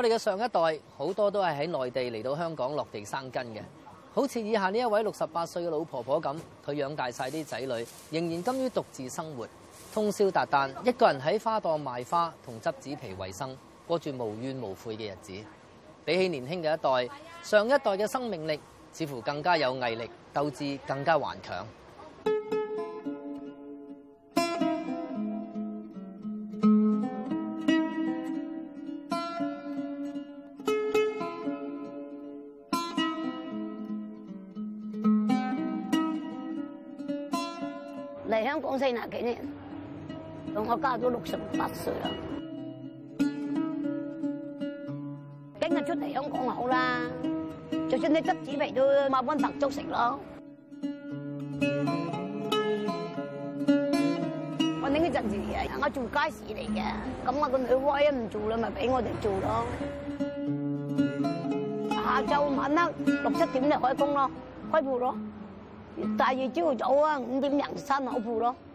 我哋嘅上一代好多都係喺內地嚟到香港落地生根嘅，好似以下呢一位六十八歲嘅老婆婆咁，佢養大晒啲仔女，仍然甘於獨自生活，通宵達旦，一個人喺花檔賣花同執紙皮為生，過住無怨無悔嘅日子。比起年輕嘅一代，上一代嘅生命力似乎更加有毅力，鬥志更加頑強。幾年，我家都六十八歲啦。今日出嚟香港好啦，就算你執紙皮都買返白粥食咯。我呢陣時，我做街市嚟嘅，咁我個女娃一唔做啦，咪俾我哋做咯。下晝晚黑六七點就開工咯，開鋪咯。第二朝早啊，五點零閂好鋪咯。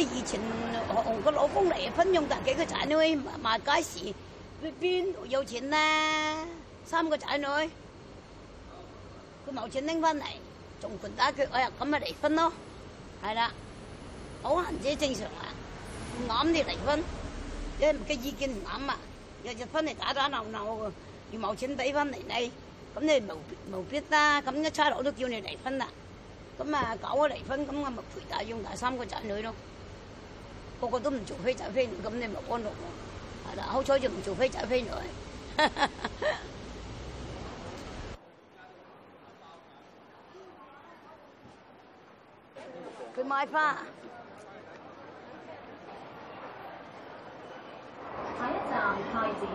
以前個老公離婚用大幾個仔女，買街市邊邊度有錢啊？三個仔女，佢冇錢拎翻嚟，仲拳打腳，我又咁咪離婚咯，係啦，好行啫，正常啊，唔啱你離婚，你嘅意見唔啱啊，日日分嚟打打鬧鬧個，又冇錢俾翻嚟你，咁你無無必啦，咁一差佬都叫你離婚啦，咁啊搞咗離婚，咁我咪陪大用大三個仔女咯。個個都唔做飛仔飛女，咁你咪安樂喎。係啦，好彩就唔做飛仔飛女。佢買花。係啊，down，high，低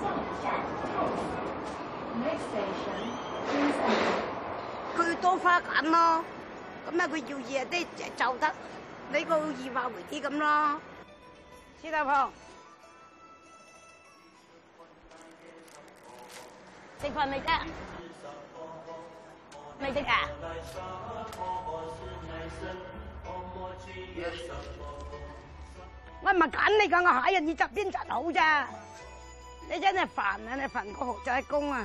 ，set，check，take，next station，please。佢要多花揀咯，咁啊，佢要嘢都就得。你個二話回啲咁啦，師太婆，淨翻未得？未得㗎！我唔係揀你講個客人，你執邊執好咋？你真係煩啊！你煩個學仔工啊！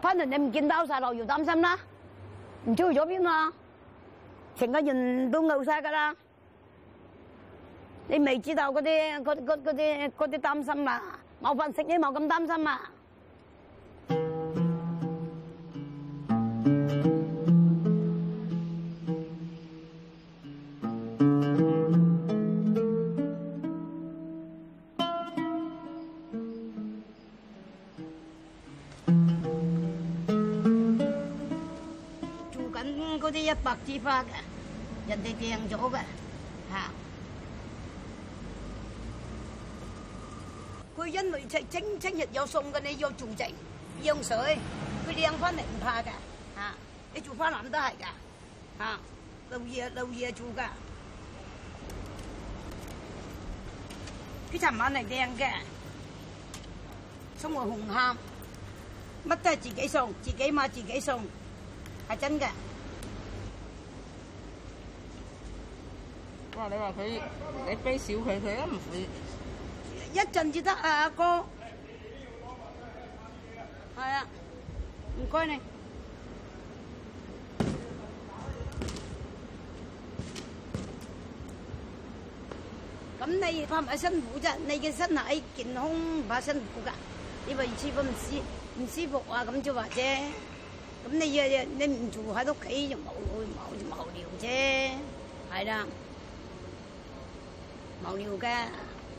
反正你唔見到晒，又擔心啦，唔知去咗邊啦，成個人都嘔晒㗎啦，你未知道嗰啲嗰啲嗰啲嗰啲擔心啊，冇飯食你冇咁擔心啊。白枝花嘅，人哋訂咗嘅，嚇。佢因為清清日有送嘅，你要注證，用水佢訂翻嚟唔怕嘅，嚇。啲注花腩都係嘅，嚇。漏夜漏夜做嘅，佢尋晚嚟訂嘅，送我紅磡，乜都係自己送，自己買自己送，係真嘅。哇！你話佢你飛少佢佢都唔會，一陣至得啊！阿哥，係啊，唔該你。咁你怕唔怕辛苦啫？你嘅身體健康唔怕辛苦噶，因為如果唔舒唔舒服啊咁就話啫。咁你日日你唔住喺屋企就無無無聊啫，係啦。無聊噶，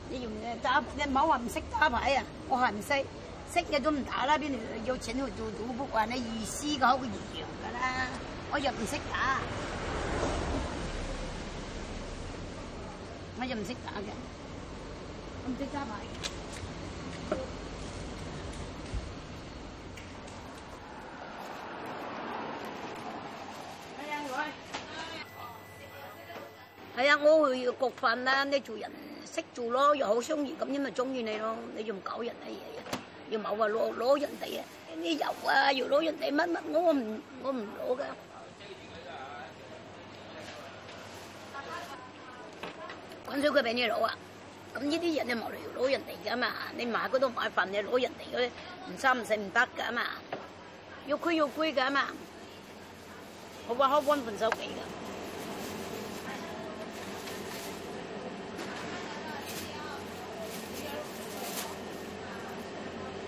你用的打你唔好話唔識打牌啊！我係唔識，識嘅都唔打啦。邊度有錢去做賭博啊？你意思個好易贏噶啦，我又唔識打，我又唔識打嘅，我唔識打牌。佢個國範啦，你做人識做咯，又好相宜咁，因為中意你咯。你仲搞人嘅嘢，又冇話攞攞人哋啊！你又話要攞人哋乜乜？我唔我唔攞噶。滾水佢俾你攞啊！咁呢啲人你無理由攞人哋噶嘛？你買嗰度買份，你攞人哋嘅，唔三唔四唔得噶嘛。要佢要歸噶嘛，我話好安分守己噶。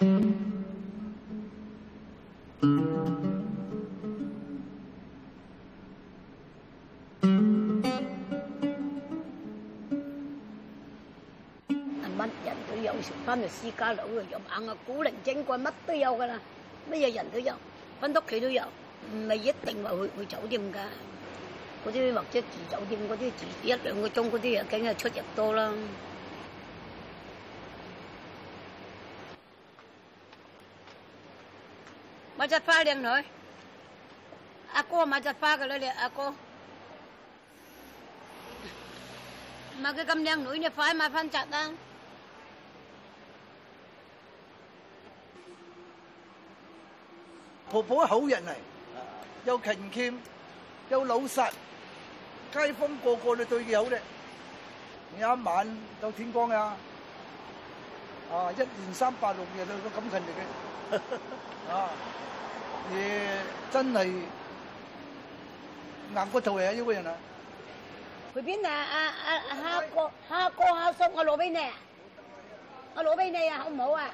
乜人都有，翻到私家樓又硬啊，古靈精怪乜都有噶啦，乜嘢人都有，翻屋企都有，唔係一定話去去酒店噶，嗰啲或者住酒店嗰啲住一兩個鐘嗰啲又梗係出入多啦。我隻花靚女，阿哥，買隻花佢咯，你阿哥，咪佢咁靚女，你快買翻隻啦。婆婆好人嚟，又勤儉又老實，街坊個個都對佢好咧。你一晚到天光呀？啊！一年三百六日都咁勤力嘅，啊！你真係硬過頭嘅、啊、呢、這個人啊！去邊啊？阿阿阿哥阿、啊、哥孝叔，我攞俾你，啊、我攞俾你啊！好唔好啊？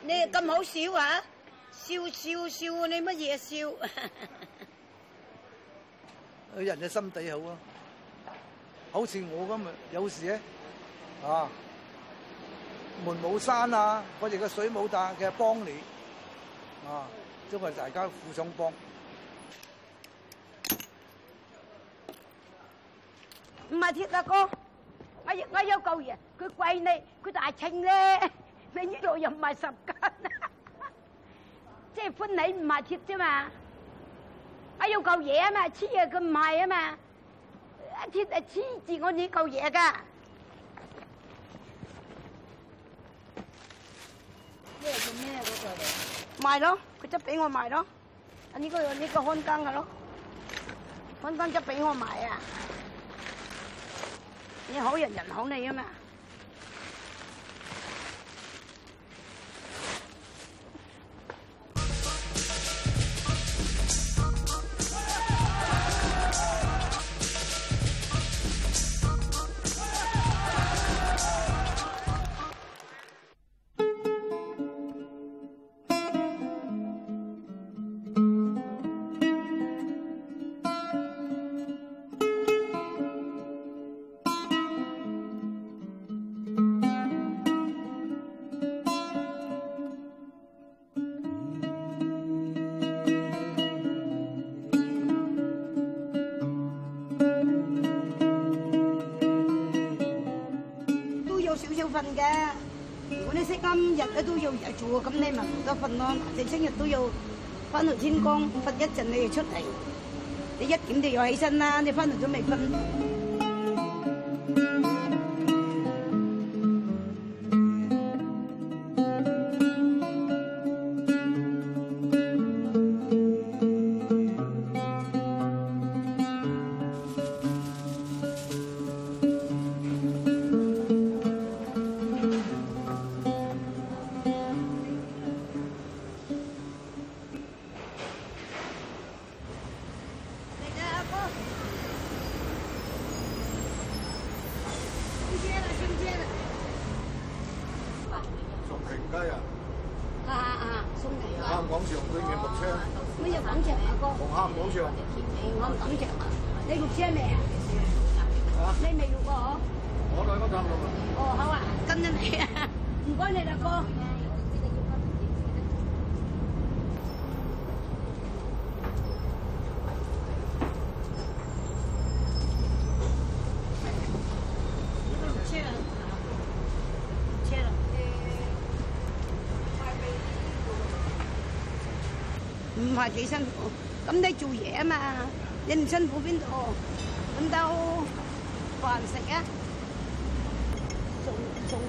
你咁好笑啊？笑笑笑你乜嘢笑？佢 人嘅心地好啊！好似我咁啊，有時呢啊，門冇閂啊，我哋個水冇大嘅幫你啊，都係大家互相幫。唔係鐵大哥，我我有嚿嘢，佢貴你，佢大秤咧，你呢度又唔係十斤啊，即係歡你唔係鐵啫嘛，我有嚿嘢啊嘛，黐嘢佢唔係啊嘛。佢黐住我呢嚿嘢噶，你係做咩嗰個咧？賣咯，佢執俾我賣咯，啊呢個呢個分羹嘅咯，分羹執俾我賣啊！你好人，人好你啊嘛！聽日咧都要日做啊，咁咧咪冇得瞓咯。你聽日都要翻到天光，瞓一陣你又出嚟，你一點都要起身啦。你翻到就未瞓。哦，好啊，跟緊你啊，唔該你啊哥。車啦，車啦，快俾我。唔係幾辛苦，咁你做嘢啊嘛，唔辛苦邊度，揾到飯食啊？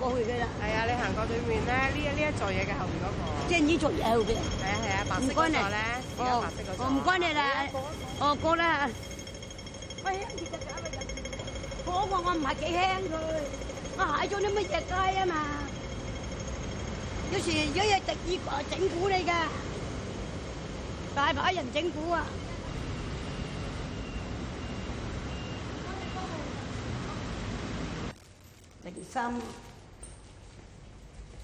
過去嘅啦，係啊！你行過對面咧，呢呢一座嘢嘅後面嗰個，即係呢座嘢後邊。係啊係啊，白色座咧，有白色嗰座。唔關你啦，哦過啦。我我我唔係幾輕佢，我係做啲乜嘢嘅嘛。有時一日特意啊整蠱你㗎，大把人整蠱啊。第三。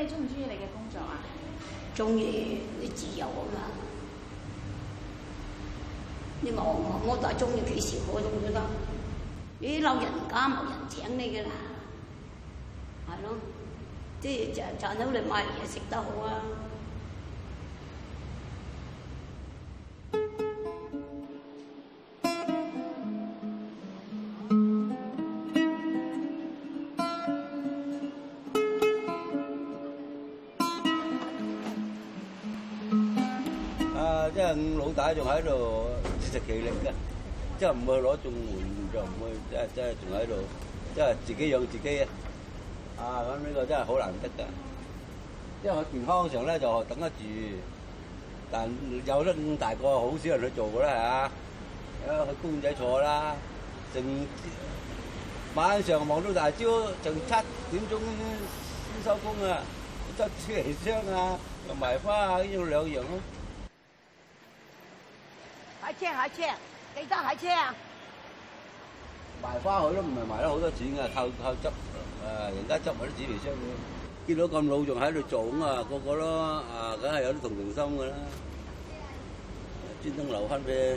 你中唔中意你嘅工作啊？中意，你自由啊嘛！你冇，我都係中意幾時我都唔得，啲老人家冇人請你噶啦，係咯，即係賺賺到嚟買嘢食好啊！仲喺度自食其力㗎，即係唔會攞綜援，就唔會即係即係仲喺度，即係自己養自己啊！啊，咁呢個真係好難得㗎，因為健康上咧就等得住，但有得咁大個好少人去做㗎啦係。啊，去工仔坐啦，成晚上望到大朝，成七點鐘先收工啊！執皮箱啊，又賣花啊，呢種兩樣咯。喺車喺車，幾多喺車啊？賣花佢都唔係賣咗好多錢噶，靠靠執誒，人家執埋啲紙皮箱嘅，見到咁老仲喺度做咁啊，個個咯啊，梗係有啲同情心噶啦，專登留翻俾，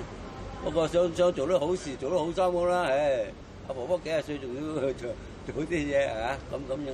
不過想想做得好事，做得好心好啦，唉，阿婆婆幾廿歲仲要去做做啲嘢啊，咁咁樣。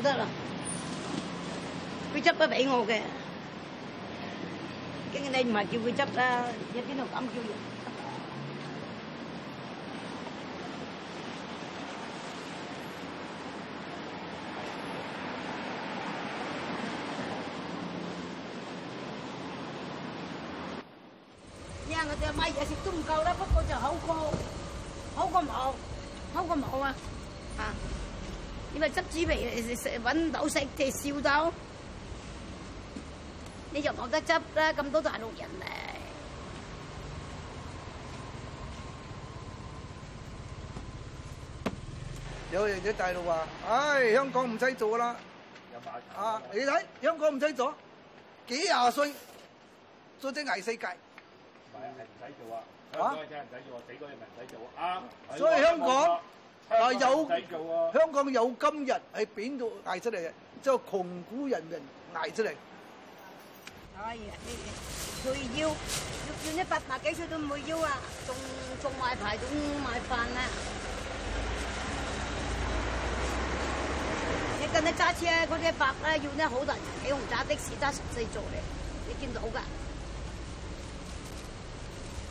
得啦，佢執都俾我嘅，經理唔係叫佢執啦，喺邊度敢叫人？呀，我哋買嘢食都唔夠啦，不過就好過，好過冇，好過冇啊，啊！因為執紙皮係揾到食，即係笑到。你又冇得執啦，咁多大陸人嚟。有啲大陸話，唉，香港唔使做啦。啊，你睇香港唔使做，幾廿歲做只捱世界。啊？香港唔使做啊，香港啲人唔使做啊，死嗰啲人唔使做啊。所以香港。啊，有香港有今日係邊度捱出嚟嘅？即係窮苦人民捱出嚟。哎呀，咩？佢要要呢八百幾歲都唔會要啊！仲仲賣牌都買飯啊！你近你揸車嗰啲白啊，要呢好多人起紅揸的士揸十四座嚟，你見到㗎？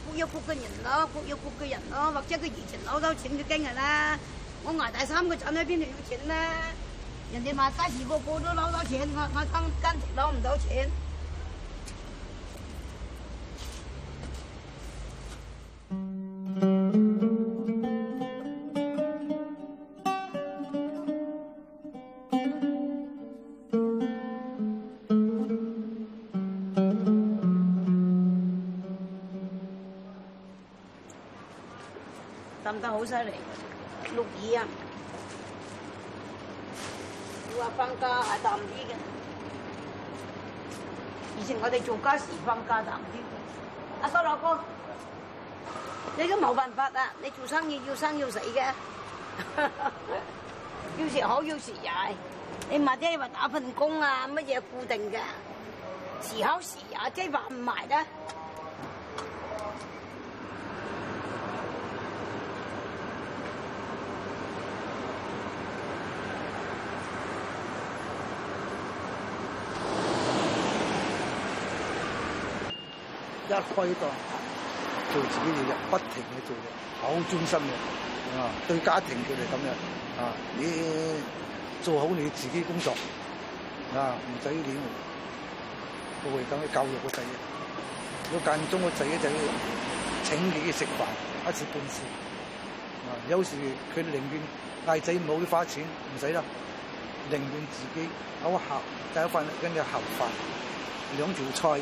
撲一撲嘅人咯，撲一撲嘅人咯，或者佢以前攞到錢嘅驚人啦，我挨第三個站喺邊度要錢咧，人哋話街市個個都攞到錢，我我間直攞唔到錢。淡得好犀利，六二啊！要話放假係淡啲嘅，以前我哋做家事放假淡啲。阿叔老哥，你都冇辦法啊！你做生意要生要死嘅， 要時好要時壞，你冇啲你話打份工啊？乜嘢固定嘅？時好時壞，即係話唔埋啦。一規度做自己嘢，就不停去做嘢，好忠心嘅。啊，對家庭佢哋咁樣啊，你做好你自己工作啊，唔使理我。我會咁去教育個仔嘅。我間中個仔仔請自己食飯一次半次。啊，有時佢寧願嗌仔唔好啲，花錢，唔使啦，寧願自己屋後第一份跟住後飯兩條菜。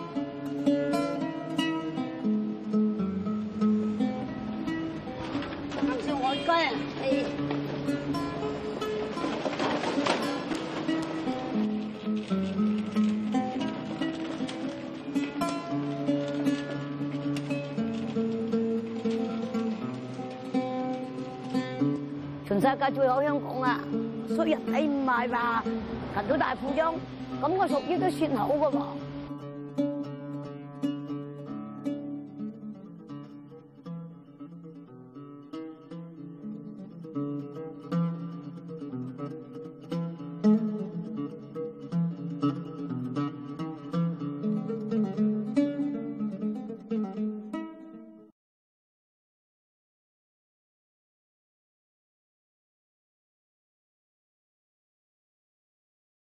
世界最好香港啊，雖然你唔係話，貧到大富翁咁，噉我屬於都算好個噃。